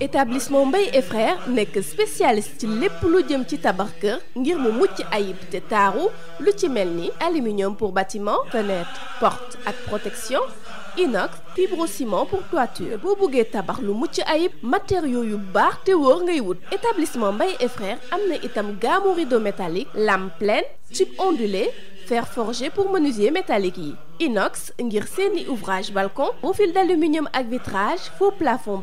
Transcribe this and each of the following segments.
établissement mbay et nekk spécialiste ci lépp lu jëm ci tabax kër ngir mu mucc ayib te taaru lu ci mel ni aluminium pour bâtiment fenêtre porte ak protection inox fibrociment pour toiture boo bëggee tabax lu mucc ayib matériaux yu baax te wóor ngay wut. établissement mbay et am na itam gamme rideau métallique lame pleine tube ondulé fer forgé pour menuisier métallique yi. inox ngir seeni ouvrage balcon profil d'aluminium ak vitrage faux plafond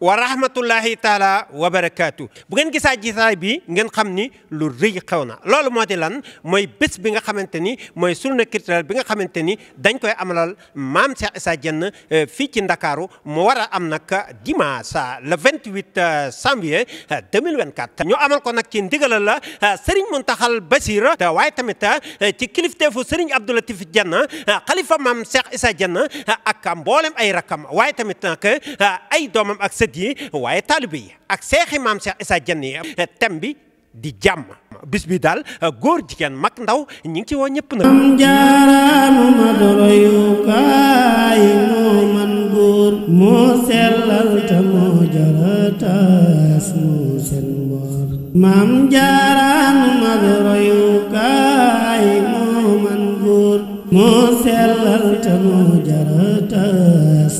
wa rahmatullahi taala wa barakaatu bu ngeen gisaa jisaay bi ngeen xam ni lu rëy xew na loolu moo lan mooy bés bi nga xamante ni mooy journée culturelle bi nga xamante ni dañ koy amalal maam Cheikh Issa Diène euh, fii ci Ndakaaru mu war a am nag dimanche euh, le 28 euh, janvier ta ñu amal ko nag ci ndigalal la Serigne Mountakhal Bassir waaye tamit ci kilifteefu Serigne Abdou Latif janna xalifa maam Cheikh Issa Diène ak mboolem ay rakam waaye tamit ay doomam ak hëddiye waaye taalibe yi ak seexi maam Seex Isaa Jeen yi eh, tem bi di jàmm bis bi daal eh, góor jigéen mag ndaw ñi ngi ci woo ñëpp na jaaraamu ma doroyukaay moo man góor man góor moo sellal te moo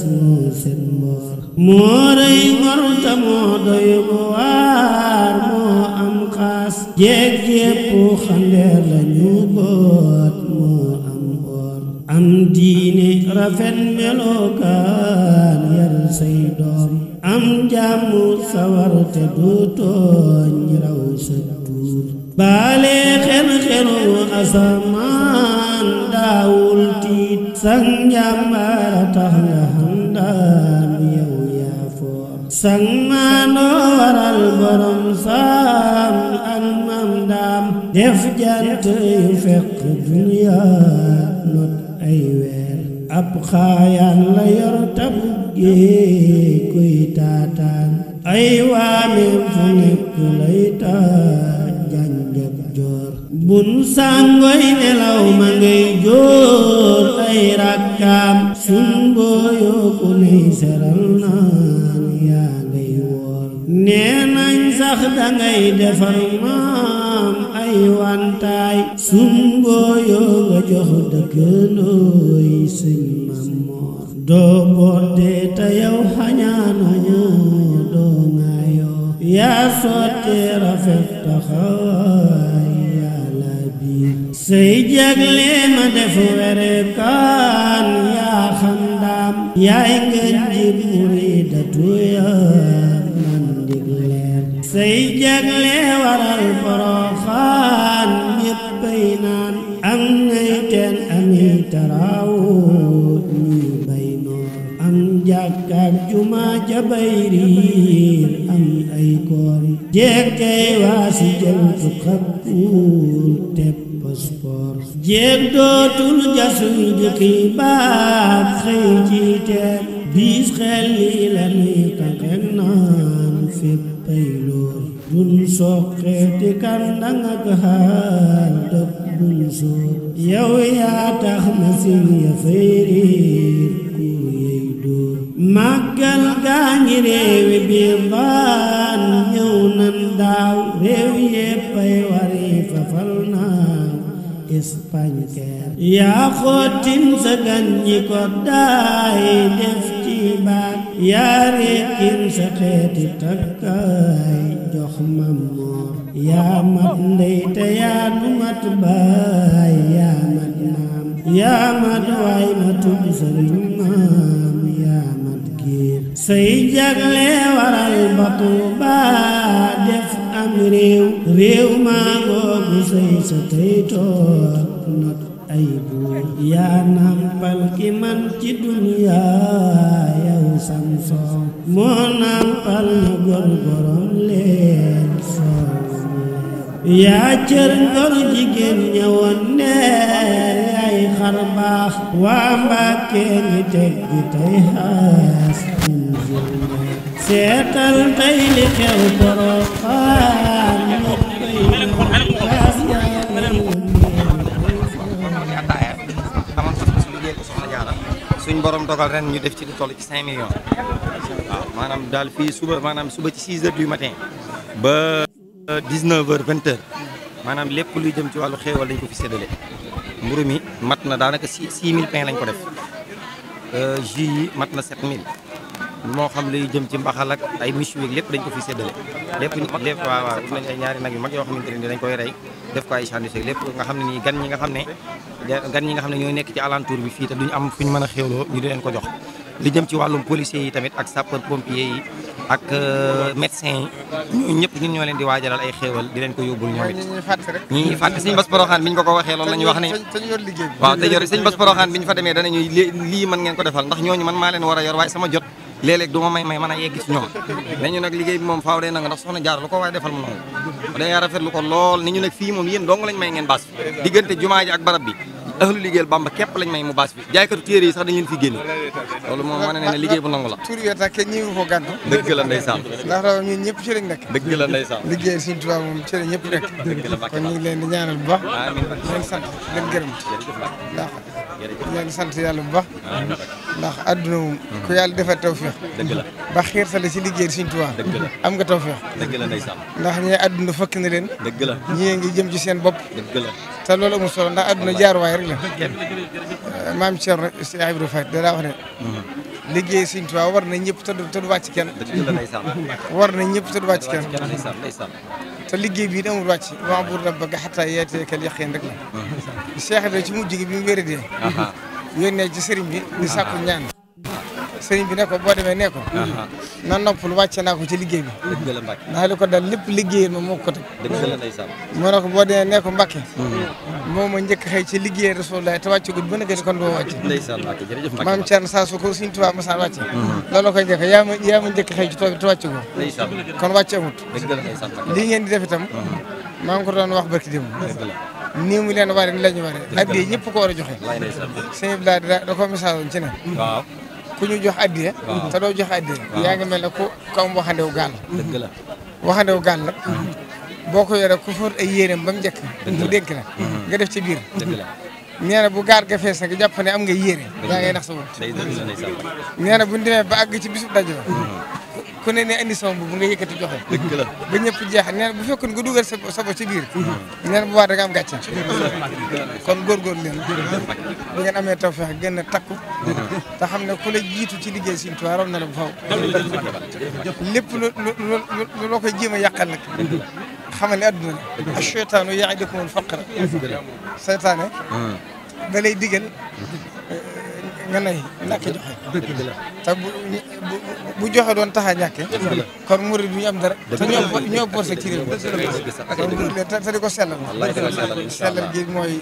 seen moor moo doy waar moo am xaas jeeg yépp xandeer lañu boot moo am boor am diine rafet melokaan yar say doom am jàmmu sawarte du tooñ raw sa tuur baale xen asamaan daawul tiit sang njàmbaara tax nga laan yow yaa foor sang borom saam ak mam daam def jant yu fekk duniya not ay weer ab xaayaan la yor tabu géej taataan ay waameem fu nekk lay janjab joor bun sàngoy nelaw ma ngay joor ay rakkaam sun booyoo ku ney seral naan yaa ngay woor nee nañ sax dangay defar maam ay wantaay sun booyoo nga jox dëkkandooy suñ mamoor doo boodee te yow xañaan xañaan doo ŋaayoo yaa sottee rafet taxawaay yaa la biir say jagle ma def were yà yaay ngeen ji muridatu yaa man dig leer say jagle waral poroxaan ñéppay naan am nay teen ami taraawut ñi bay noor am jàkkaak juma ja bayriir am ay koori jekkay waasi jëltu xabtuul tepp paspor jeeg dootul jasuy jukki baab xëy jiite biis xel lii la nuy tagg naan féppay loor dun soqeeti kan dang ak xaal dëpp dun soor yow yaa tax na sin ya fay riir ku yey dóor màggal gaa ngi réewi biir baan ñëw nan daaw réew yéppay wari fafal naa Espagne yaa xootin sa gan ko daay def ci baat yaa rekkin sa xeeti takkaay jox ma moor yaa mat ndey yaa du baay yaa mat maam yaa mat waay ma tudd sëriñ maam yaa mat giir say jagle waral batu baa def am réew réew lu na gor gorom leen soo yaa seetal tey li xew boroxaan suñ borom dogal ren ñu def ci lu toll ci cinq millions waaw maanaam daal fii suba maanaam suba ci 6 heures du matin ba 19 heures 20 heures maanaam lépp luy jëm ci wàllu xéewal lañ ko fi séddale mburu mi mat na daanaka 6 6000 pain lañ ko def euh, jus yi mat na 7000 moo xam lay jëm ci mbaxal ak ay michu yeeg lépp dañ ko fi séddale lépp yu mag yoo xamante ne dañ koy rey def ko ay sandwich nga xam ne gan ñi nga xam ne ñi nga xam ne ñooy nekk ci alentour bi fii te duñu am fuñu mën a xéwloo ñu di leen ko jox li jëm ci wàllum policiers yi tamit ak sapeur pompier yi ak euh, médecin yi ñëpp ñun ñoo leen di waajalal ay xéewal di leen ko yóbbul ñoom ñi fa demee danañuy lii mën ngeen ko defal ndax ñooñu man maa leen war a yor waaye sama jot léeg-léeg du ma may may mën a yegg ci ñoom mais ñu nag liggéey bi moom faaw dee na nga jaar lu waaye defal mu nangu day rafetlu ko lool ni ñu nag fii moom yéen dong may ngeen baas fi diggante jumaa ak barab bi ahlu liggéeyal Bamba képp lañ may mu baas bi jaaykatu téere yi sax dañ leen fi génne loolu moom wane ne liggéey liggéey bu baax leen sant yàlla bu baax ndax adduna moom ku yàlla defal tawféex dëgg la ba xiirtale si liggéey Sëriñ Tuubaa dëgg am nga tawféex dëgg la ndeysaan ndax ñee adduna fëkk na leen dëgg la ñii ngi jëm ci seen bopp dëgg la te loolu amul solo ndax adduna jaaruwaay rek la maam Thierno Cheikh Ibrahima Faye da daa wax ne mhm. liggéey Sëriñ Tuubaa war na ñëpp te du wàcc kenn. war na ñëpp te du wàcc kenn. te liggéey bii amul wàcc wa'bud rabbaka hattaa ya'tiyakal yaqiin rek la. Cheikh da ci mujj gi bi mu wéradee. yónnee ci sëriñ bi di sàkku ñaan. sëriñ bi ne ko boo demee ne ko na noppal wàcce naa ko ci liggéey bi dëgg ko dal lépp liggéeyal ma moo ko ne ko boo demee ne ko Mbacke mhm. moo ma njëkk xëy ci liggéeyal Rasulullah te wàcce ko bën a gën kon doo wàcce ndeysaan Mbacke jërëjëf Mbacke maam Thierno saa su ko suñ tubaab ma saa wàcce mhm. loolu koy njëkk yaa ma yaa ma njëkk xëy ci toog te wàcce ko kon wàcce amut lii ngeen di def itam mhm. maa ngi ko doon wax barki démb nii mu leen waree ni la ñu waree addee ñëpp ko war a joxe sëñ bi laa da ko misaaloon ci ne ku ñu jox addiya te doo jox addiya yaa ngi mel ne ku comme waxandewu gaal dëgg la waxandewu gaal nag boo ko yoree ku fóot ay yéeréem ba mu njëkk mu dénk la nga def ci biir nee bu gaar ga fees nag jàpp ne am nga yéere yaa ngay nax sa bopp nee bu ñu demee ba àgg ci bisub daj la mm-hmm. ku ne ne indi sama bu nga yëkkati joxe ba ñëpp jeex neen bu fekkoon ga dugal sa sa neen bu baax da ga am kon góorgóorlu leen ngeen amee tawfeex gën a takku te xam ne ku jiitu ci liggéey Sëriñ Tuubaa raw na la bu faw lépp lu loo koy jéem a yàqal nag xamal ne adduna la a seytaanu ya'idukumul faqra seytaane ah. da lay digal nga nay ñàkk joxe. dëgg la bu bu joxe doon tax a ñàkke kon murid du ñu am dara. te ñoo ñoo borse ci réew mi. te di ko sellal. wallaay di ko sellal sellal gi mooy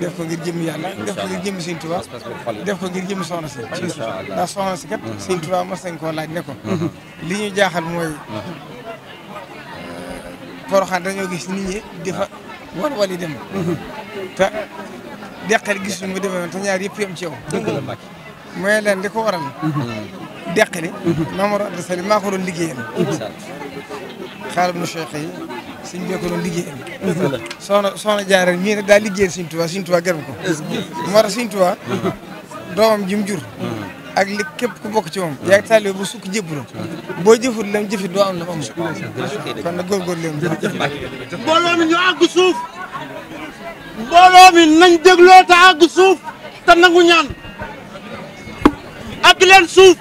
def ko ngir jëm yàlla def ko ngir jëm Sëñ def ko ngir jëm soxna si. ndax soxna si kat mhm. Sëñ Tuubaa mos nañ koo laaj ne ko. Mhm. li ñu jaaxal mooy. Mhm. Porokhane dañoo gis ni ñi di fa ah. war wali dem. te. deqal gis suñu ma demee woon te ñaar yëpp yem ci yow. dëgg la Mbacke. mooy leen li ko waral. Mm-hmm. deqali. Mm-hmm. Mamadou Abdou ko doon liggéeyal. xaaral nu Cheikh yi suñ bee ko doon liggéeyal. dëgg la soxna soxna daa liggéeyal Sëriñ Tuubaa Sëriñ Tuubaa ko. moo tax Sëriñ mm-hmm. doomam ji mu jur. ak li képp ku bokk ci moom. yaa ngi taalibe sukk jëbb la. boo jëfut lam jëfit doo am la mu am. kon nag góorgóorlu leen. jërëjëf Mbacke. mbooloo mi nañ dégloo te àgg suuf te nangu ñaan àgg leen suuf.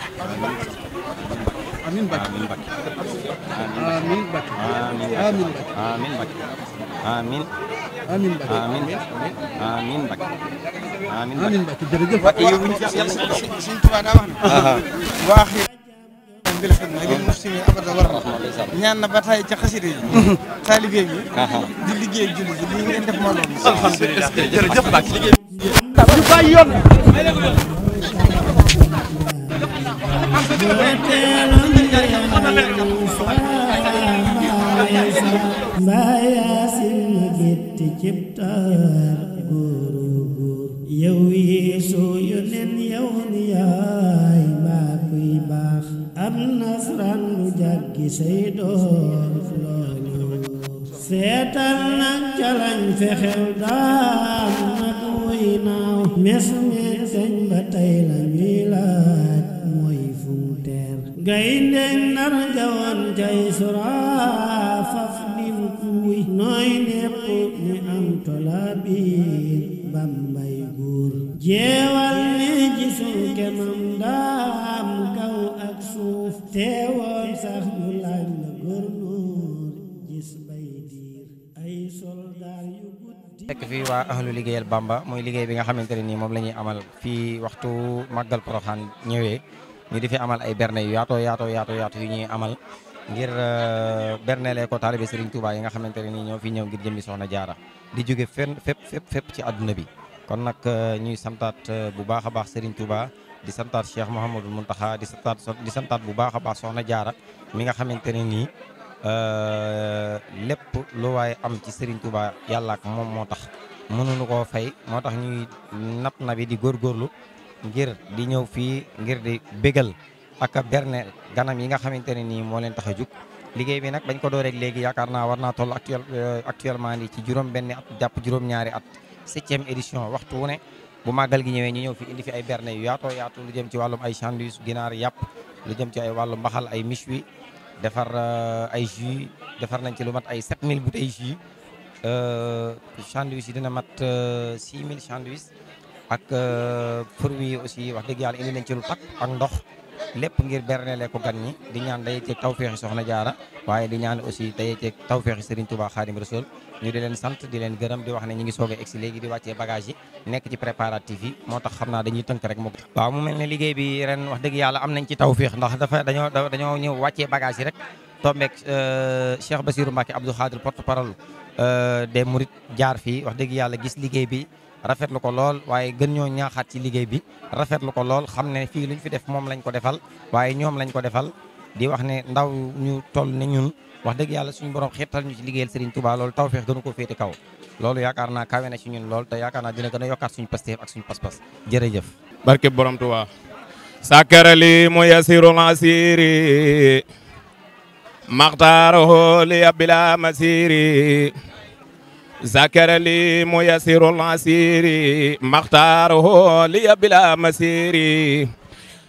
amiin Mbacke amiin Mbacke amiin Mbacke amiin Mbacke amiin amiin Mbacke amiin Mbacke amiin Mbacke amiin Mbacke jërëjëf bil xidma lil muslimin abada war ñaan na liggéey julli ji lii ngeen def ab nasran mu jàggi say doom loolu mes meen ba tey la ñuy fu mu gaynde nar jawoon cay suraat fekk fii waa ahlu liggéeyal Bamba mooy liggéey bi nga xamante ne nii moom la ñuy amal fii waxtu màggal Poroxaan ñëwee ñu di fi amal ay berne yu yaato yaato yaato yaatu yu ñuy amal ngir euh, bernelee ko taalibe Serigne Touba yi nga xamante ne nii ñoo fi ñëw ngir jëmmi soxna Jaara di jóge fenn fépp fépp fépp ci àdduna bi kon nag euh, ñuy santaat euh, bu baax a baax Serigne Touba di santaat Cheikh Mouhamadou Mountakha di santaat di santaat bu baax a baax soxna Jaara mi nga xamante ne nii Euh, lépp lu waaye am ci Serigne Touba yàlla ak moom moo tax mënuñu ko fay moo tax ñuy nap na bi di góorgóorlu ngir di ñëw fii ngir di bégal ak berne ganam yi nga xamante ne nii moo leen tax a jug liggéey bi nag bañ ko door rek léegi yaakaar naa war naa toll actuel euh, actuellement nii ci juróom benn at jàpp juróom-ñaari at septième édition waxtu wu ne bu màggal gi ñëwee ñu ñëw fi indi fi ay berne yu yaatoo yaatu lu jëm ci wàllum ay sandwich ginaar yàpp lu jëm ci ay wàllu mbaxal ay miche defar euh, ay jus defar nañ ci lu mat ay 7000 bouteilles jus euh, sandwich yi dina mat 6000 euh, sandwich ak fruits yi aussi wax dëgg yàlla indi nañ ci lu takk ak ndox lépp ngir bernele ko gan ñi di ñaan day ceeg tawféexi soxna jaara waaye di ñaan aussi day ceeg tawféexi sëriñ Touba Xaadim Rasul ñu di leen sant di leen gërëm di wax ne ñu ngi soog a egsi léegi di wàccee bagage yi nekk ci préparatif yi moo tax xam naa dañuy tënk rek moom. waaw mu mel ne liggéey bi ren wax dëgg yàlla am nañ ci tawféex ndax dafa dañoo dañoo ñëw wàccee bagage yi rek tombeek euh, Cheikh Basirou Mbacké Abdou Khadir porte parole euh, des Mourides jaar fii wax dëgg yàlla gis liggéey bi rafetlu ko lool waaye gën ñoo ñaaxaat ci liggéey bi rafetlu ko lool xam ne fii luñ fi def moom lañ ko defal waaye ñoom lañ ko defal di wax ne ndaw ñu toll ne ñun wax dëgg yàlla suñu borom xeetal ñu ci liggéeyal Serigne Touba loolu tawfeex gënu ko féete kaw loolu yaakaar naa kawe ci ñun lool te yaakaar naa dina gën a yokkaat suñu pasteef ak suñu pas-pas jërëjëf barke borom Touba sakarali mu yasirul asiri maxtaaro li abila masiri ذكر لي ميسر العسير مختاره لي بلا مسير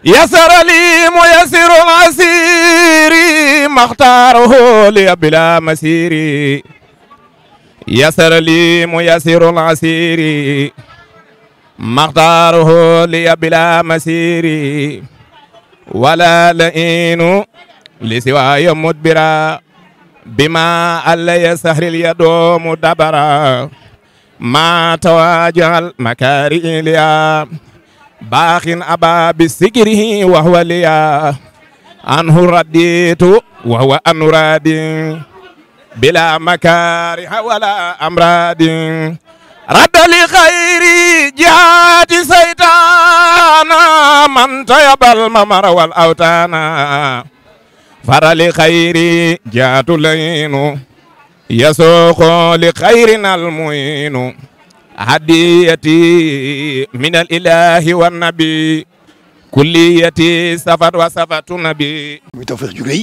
يسر لي ميسر العسير مختاره لي بلا مسير يسر لي ميسر العسير مختاره لي بلا مسير ولا لئين لسواي مدبرا بما علي سهر اليدوم دبرا ما تواجه المكارئ ليا باخ أبا بسكره وهو ليا عنه رديت وهو أن رادي بلا مكاره ولا أمراض رد لخير جهات سيطانا من تيب الممر والأوتانا farali xayri jaatu laynu yasooqo li xayrin almuynu hadiyati min al ilahi wa nabi kulliyati safat wa safatu nabi muy tawfeex ju rëy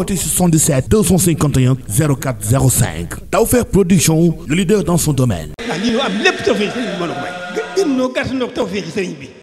woote 77 251 04 05 Tawfekh Production le